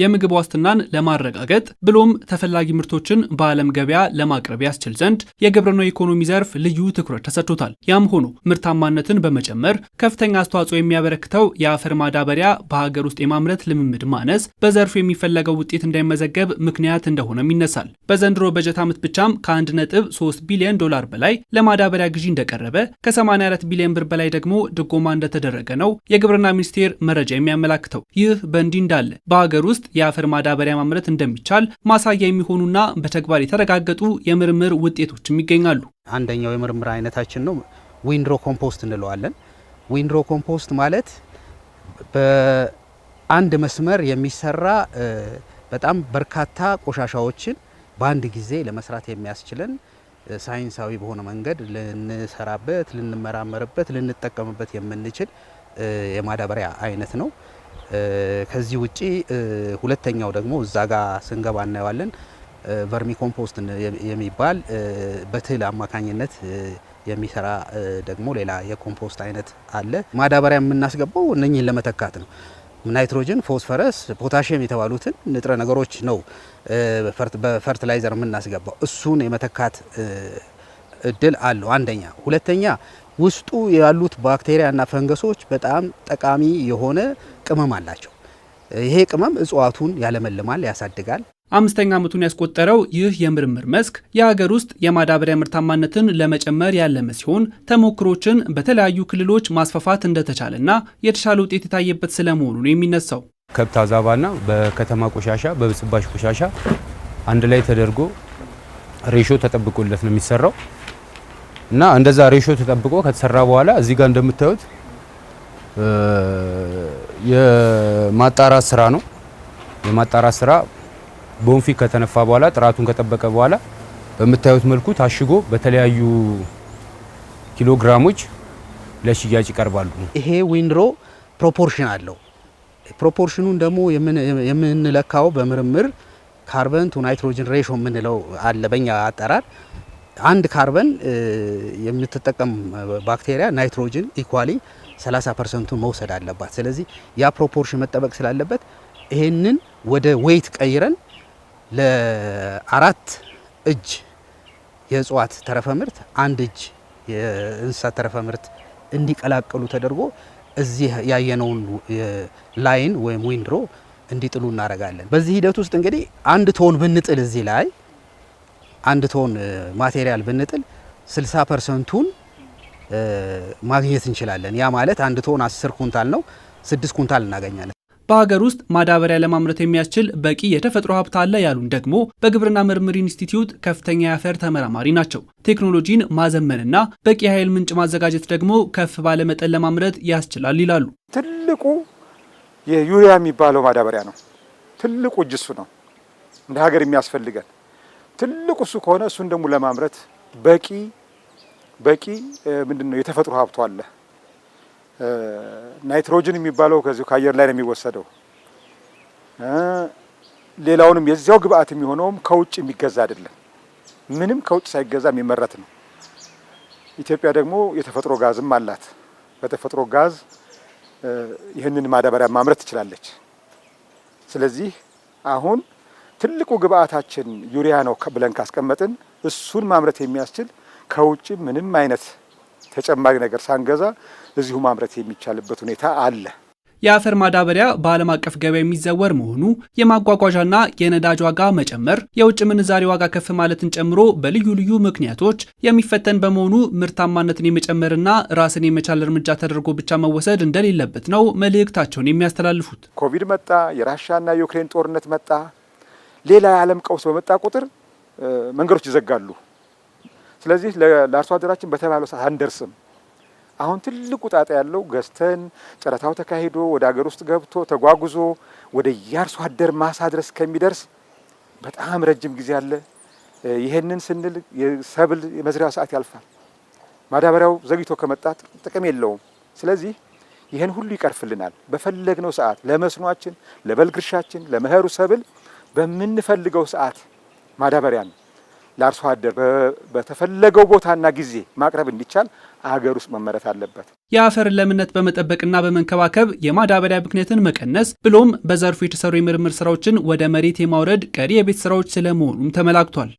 የምግብ ዋስትናን ለማረጋገጥ ብሎም ተፈላጊ ምርቶችን በዓለም ገበያ ለማቅረብ ያስችል ዘንድ የግብርናው ኢኮኖሚ ዘርፍ ልዩ ትኩረት ተሰጥቶታል። ያም ሆኖ ምርታማነትን በመጨመር ከፍተኛ አስተዋጽኦ የሚያበረክተው የአፈር ማዳበሪያ በሀገር ውስጥ የማምረት ልምምድ ማነስ በዘርፉ የሚፈለገው ውጤት እንዳይመዘገብ ምክንያት እንደሆነም ይነሳል። በዘንድሮ በጀት ዓመት ብቻም ከ1.3 ቢሊዮን ዶላር በላይ ለማዳበሪያ ግዢ እንደቀረበ ከ84 ቢሊዮን ብር በላይ ደግሞ ድጎማ እንደተደረገ ነው የግብርና ሚኒስቴር መረጃ የሚያመላክተው። ይህ በእንዲህ እንዳለ በሀገር ውስጥ የአፈር ማዳበሪያ ማምረት እንደሚቻል ማሳያ የሚሆኑና በተግባር የተረጋገጡ የምርምር ውጤቶችም ይገኛሉ። አንደኛው የምርምር አይነታችን ነው ዊንድሮ ኮምፖስት እንለዋለን። ዊንድሮ ኮምፖስት ማለት በአንድ መስመር የሚሰራ በጣም በርካታ ቆሻሻዎችን በአንድ ጊዜ ለመስራት የሚያስችለን ሳይንሳዊ በሆነ መንገድ ልንሰራበት፣ ልንመራመርበት፣ ልንጠቀምበት የምንችል የማዳበሪያ አይነት ነው። ከዚህ ውጪ ሁለተኛው ደግሞ እዛ ጋር ስንገባ እናየዋለን። ቨርሚ ኮምፖስት የሚባል በትል አማካኝነት የሚሰራ ደግሞ ሌላ የኮምፖስት አይነት አለ። ማዳበሪያ የምናስገባው እነኝህን ለመተካት ነው። ናይትሮጅን፣ ፎስፈረስ፣ ፖታሽየም የተባሉትን ንጥረ ነገሮች ነው በፈርትላይዘር የምናስገባው። እሱን የመተካት እድል አለው አንደኛ። ሁለተኛ ውስጡ ያሉት ባክቴሪያ እና ፈንገሶች በጣም ጠቃሚ የሆነ ቅመም አላቸው። ይሄ ቅመም እጽዋቱን ያለመልማል፣ ያሳድጋል። አምስተኛ ዓመቱን ያስቆጠረው ይህ የምርምር መስክ የሀገር ውስጥ የማዳበሪያ ምርታማነትን ለመጨመር ያለመ ሲሆን ተሞክሮችን በተለያዩ ክልሎች ማስፋፋት እንደተቻለና የተሻለ ውጤት የታየበት ስለመሆኑ ነው የሚነሳው። ከብት አዛባና በከተማ ቆሻሻ፣ በብስባሽ ቆሻሻ አንድ ላይ ተደርጎ ሬሾ ተጠብቆለት ነው የሚሰራው። እና እንደዛ ሬሾ ተጠብቆ ከተሰራ በኋላ እዚህ ጋር እንደምታዩት የማጣራት ስራ ነው። የማጣራት ስራ ቦንፊት ከተነፋ በኋላ ጥራቱን ከጠበቀ በኋላ በምታዩት መልኩ ታሽጎ በተለያዩ ኪሎግራሞች ለሽያጭ ይቀርባሉ። ይሄ ዊንድሮ ፕሮፖርሽን አለው። ፕሮፖርሽኑን ደግሞ የምንለካው በምርምር ካርበን ቱ ናይትሮጅን ሬሾ የምንለው አለ በኛ አጠራር አንድ ካርበን የምትጠቀም ባክቴሪያ ናይትሮጅን ኢኳሊ 30 ፐርሰንቱን መውሰድ አለባት። ስለዚህ ያ ፕሮፖርሽን መጠበቅ ስላለበት ይሄንን ወደ ዌይት ቀይረን ለአራት እጅ የእጽዋት ተረፈ ምርት አንድ እጅ የእንስሳት ተረፈ ምርት እንዲቀላቀሉ ተደርጎ እዚህ ያየነውን ላይን ወይም ዊንድሮ እንዲጥሉ እናደርጋለን። በዚህ ሂደት ውስጥ እንግዲህ አንድ ቶን ብንጥል እዚህ ላይ አንድ ቶን ማቴሪያል ብንጥል 60 ፐርሰንቱን ማግኘት እንችላለን። ያ ማለት አንድ ቶን 10 ኩንታል ነው፣ 6 ኩንታል እናገኛለን። በሀገር ውስጥ ማዳበሪያ ለማምረት የሚያስችል በቂ የተፈጥሮ ሀብት አለ ያሉን ደግሞ በግብርና ምርምር ኢንስቲትዩት ከፍተኛ የአፈር ተመራማሪ ናቸው። ቴክኖሎጂን ማዘመንና በቂ የኃይል ምንጭ ማዘጋጀት ደግሞ ከፍ ባለ መጠን ለማምረት ያስችላል ይላሉ። ትልቁ የዩሪያ የሚባለው ማዳበሪያ ነው። ትልቁ እጅሱ ነው እንደ ሀገር የሚያስፈልገን ትልቁ እሱ ከሆነ እሱን ደግሞ ለማምረት በቂ በቂ ምንድን ነው የተፈጥሮ ሀብቶ አለ። ናይትሮጅን የሚባለው ከዚሁ ከአየር ላይ ነው የሚወሰደው። ሌላውንም የዚያው ግብአት የሚሆነውም ከውጭ የሚገዛ አይደለም። ምንም ከውጭ ሳይገዛ የሚመረት ነው። ኢትዮጵያ ደግሞ የተፈጥሮ ጋዝም አላት። በተፈጥሮ ጋዝ ይህንን ማዳበሪያ ማምረት ትችላለች። ስለዚህ አሁን ትልቁ ግብአታችን ዩሪያ ነው ብለን ካስቀመጥን እሱን ማምረት የሚያስችል ከውጭ ምንም አይነት ተጨማሪ ነገር ሳንገዛ እዚሁ ማምረት የሚቻልበት ሁኔታ አለ። የአፈር ማዳበሪያ በዓለም አቀፍ ገበያ የሚዘወር መሆኑ የማጓጓዣና የነዳጅ ዋጋ መጨመር፣ የውጭ ምንዛሬ ዋጋ ከፍ ማለትን ጨምሮ በልዩ ልዩ ምክንያቶች የሚፈተን በመሆኑ ምርታማነትን የመጨመርና ራስን የመቻል እርምጃ ተደርጎ ብቻ መወሰድ እንደሌለበት ነው መልእክታቸውን የሚያስተላልፉት። ኮቪድ መጣ፣ የራሻና የዩክሬን ጦርነት መጣ፣ ሌላ የዓለም ቀውስ በመጣ ቁጥር መንገዶች ይዘጋሉ። ስለዚህ ለአርሶ አደራችን በተባለው ሰዓት አንደርስም። አሁን ትልቁ ጣጣ ያለው ገዝተን ጨረታው ተካሂዶ ወደ አገር ውስጥ ገብቶ ተጓጉዞ ወደ የአርሶ አደር ማሳ ድረስ ከሚደርስ በጣም ረጅም ጊዜ አለ። ይህንን ስንል የሰብል የመዝሪያ ሰዓት ያልፋል። ማዳበሪያው ዘግይቶ ከመጣት ጥቅም የለውም። ስለዚህ ይህን ሁሉ ይቀርፍልናል። በፈለግነው ሰዓት ለመስኗችን፣ ለበልግርሻችን፣ ለመኸሩ ሰብል በምንፈልገው ሰዓት ማዳበሪያን ለአርሶ አደር በተፈለገው ቦታና ጊዜ ማቅረብ እንዲቻል አገር ውስጥ መመረት አለበት። የአፈር ለምነት በመጠበቅና በመንከባከብ የማዳበሪያ ብክነትን መቀነስ ብሎም በዘርፉ የተሰሩ የምርምር ስራዎችን ወደ መሬት የማውረድ ቀሪ የቤት ስራዎች ስለመሆኑም ተመላክቷል።